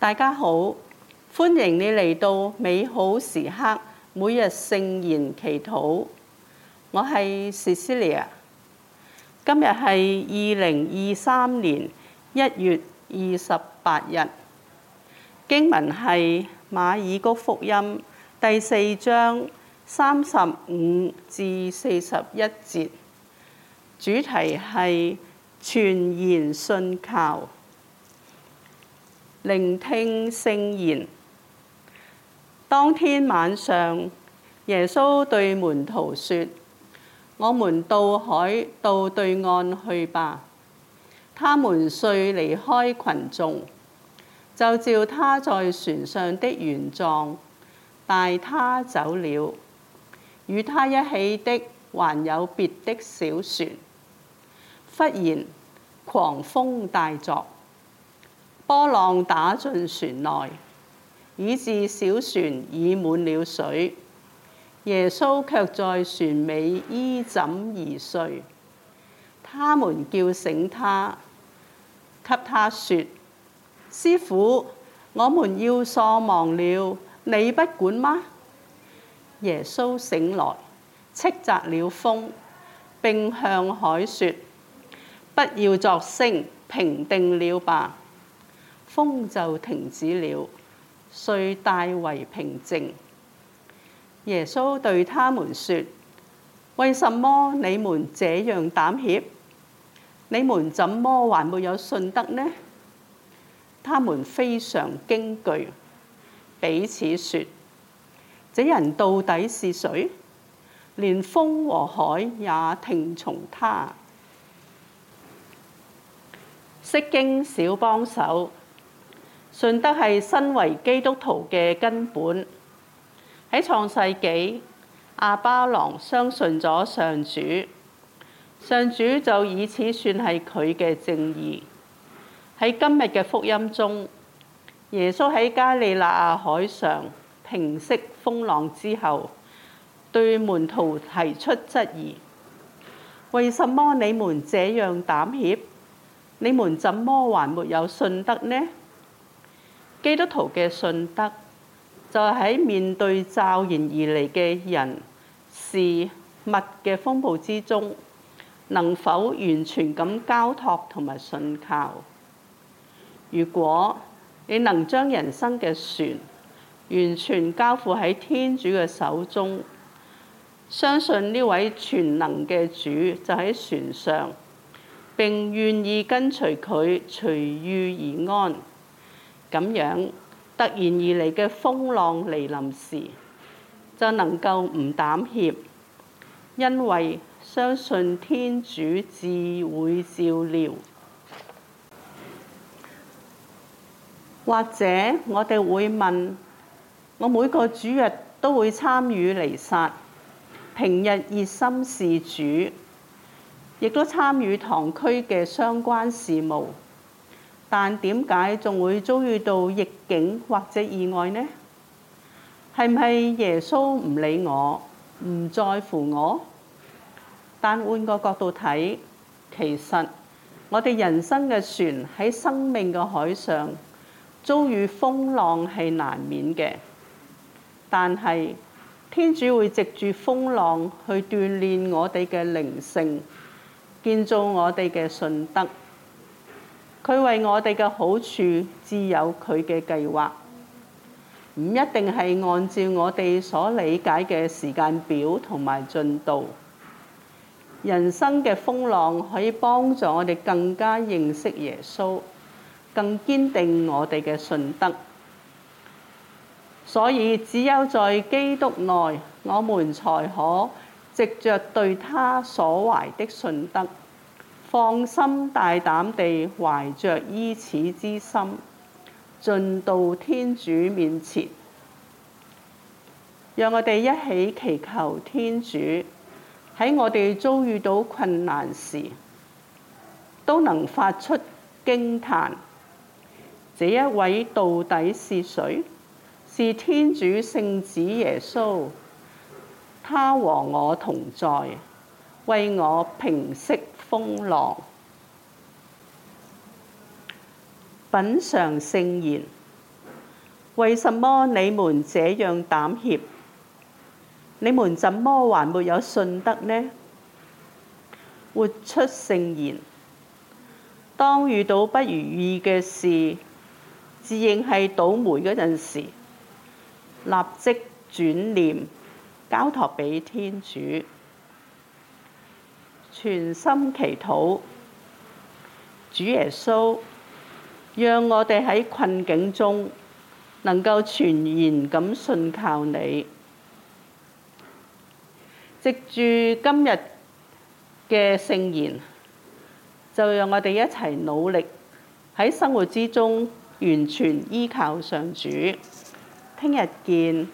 大家好，歡迎你嚟到美好時刻每日聖言祈禱。我係 Cecilia，今日係二零二三年一月二十八日。經文係馬爾谷福音第四章三十五至四十一節，主題係全然信靠。聆聽聖言。當天晚上，耶穌對門徒說：我們渡海到對岸去吧。他們遂離開群眾，就照他在船上的原狀帶他走了。與他一起的還有別的小船。忽然，狂風大作。波浪打進船內，以致小船已滿了水。耶穌卻在船尾依枕而睡。他們叫醒他，給他説：師傅，我們要喪亡了，你不管嗎？耶穌醒來，叱責了風，並向海説：不要作聲，平定了吧！風就停止了，遂大為平靜。耶穌對他們說：為什麼你們這樣膽怯？你們怎麼還沒有信德呢？他們非常驚懼，彼此說：這人到底是誰？連風和海也聽從他。釋經小幫手。信德係身為基督徒嘅根本。喺創世紀，亞巴郎相信咗上主，上主就以此算係佢嘅正義。喺今日嘅福音中，耶穌喺加里肋亞海上平息風浪之後，對門徒提出質疑：為什麼你們這樣膽怯？你們怎麼還沒有信德呢？基督徒嘅信德，就係喺面對驟然而嚟嘅人事物嘅風暴之中，能否完全咁交托同埋信靠？如果你能將人生嘅船完全交付喺天主嘅手中，相信呢位全能嘅主就喺船上，並願意跟隨佢隨遇而安。咁樣突然而嚟嘅風浪嚟臨時，就能夠唔膽怯，因為相信天主自會照料。或者我哋會問：我每個主日都會參與彌撒，平日熱心事主，亦都參與堂區嘅相關事務。但點解仲會遭遇到逆境或者意外呢？係唔係耶穌唔理我，唔在乎我？但換個角度睇，其實我哋人生嘅船喺生命嘅海上遭遇風浪係難免嘅。但係天主會藉住風浪去鍛鍊我哋嘅靈性，建造我哋嘅信德。佢為我哋嘅好處，自有佢嘅計劃，唔一定係按照我哋所理解嘅時間表同埋進度。人生嘅風浪可以幫助我哋更加認識耶穌，更堅定我哋嘅信德。所以只有在基督內，我們才可藉着對祂所懷的信德，放心、大膽地懷着依恃之心，進到天主面前，讓我哋一起祈求天主喺我哋遭遇到困難時，都能發出驚嘆：這一位到底是誰？是天主聖子耶穌，他和我同在，為我平息。風浪，品嚐聖言。為什麼你們這樣膽怯？你們怎麼還沒有信德呢？活出聖言。當遇到不如意嘅事，自認係倒霉嗰陣時，立即轉念，交託俾天主。全心祈禱，主耶穌，讓我哋喺困境中能夠全然咁信靠你。藉住今日嘅聖言，就讓我哋一齊努力喺生活之中完全依靠上主。聽日見。